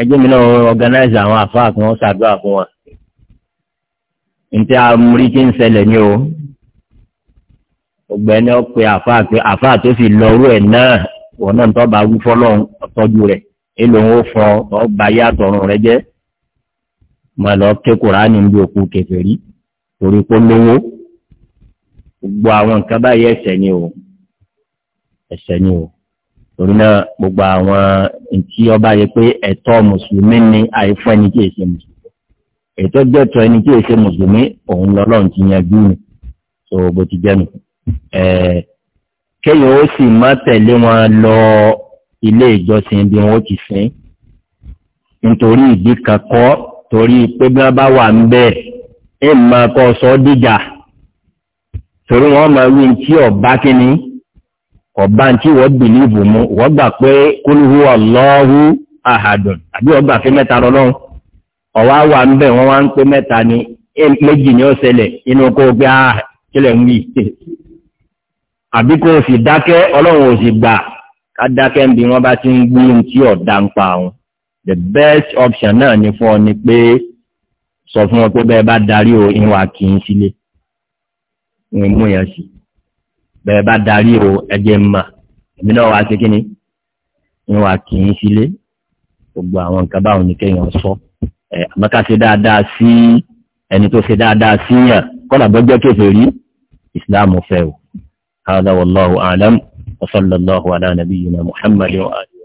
S1: ẹgbẹ́ mi náà organize àwọn àfáà kí ṣàdúrà fún wa ntẹ amúrí tí ń ṣẹlẹ̀ ní o ọgbẹ́ ni ó pe àfáà pé àfáà tó sì lọ́rú ẹ̀ náà wọn náà ń tọ́ba wú fọ́lọ́run ọ̀tọ́jú rẹ̀ èlò ń fọ ọgbà yàtọ̀run rẹ jẹ́ máa lọ ké kùránì bí òkú kèfèrí torí kó lówó gbogbo àwọn nǹkan báyìí ẹ̀ṣẹ̀ ni o ẹ̀ṣẹ̀ ni o torí náà gbogbo àwọn ntí ọba yẹ pé ẹ̀tọ́ mùsùlùmí ni àìfọ́ ẹni kí èsì mùsùlùmí ètò jẹ́tọ̀ ẹni kí èsì mùsùlùmí òun lọ́lọ́run ti yanjú ni tó bó ti jẹ́ nu kéèyàn ó sì má tẹ̀lé wọn lọ ilé ìjọsìn bí wọn ó ti sìn nítorí ìdí kan torí pé bí wọ́n bá wà ń bẹ́ẹ̀ ẹ̀ máa kọ́ sọ ọ́ ọba kíní ọba tí wọ́n bìlíìfù mu wọ́n gbà pé kúlùú ọlọ́hu àhàdùn àbí ọgbà gbà mẹ́ta lọ́lọ́run ọ̀wá wà ń bẹ̀ wọ́n wá ń pé mẹ́ta ni méjì ni ó ṣẹlẹ̀ inú kó gbé àkílẹ̀ ah, ń wí (laughs) àbí kó o sì dákẹ́ ọlọ́run ò sì gbà ká dákẹ́ the best option náà ni fún ọ ni pé sọ fún ọ pé bẹ́ẹ̀ bá darí o ìwà kì í sílé ń mú yẹn sí bẹ́ẹ̀ bá darí o ẹ̀jẹ̀ mà èmi náà wá sí kí ni ìwà kì í sílé gbogbo àwọn nǹkan báwọn ní kéèyàn sọ ẹ àmọ́ ká ṣe dáadáa sí ẹni tó ṣe dáadáa sí yàn kọ́nà bọ́jọ́ kèfèrí ìsìláàmù fẹ́ o. هذا والله أعلم وصلى الله على نبينا محمد وآله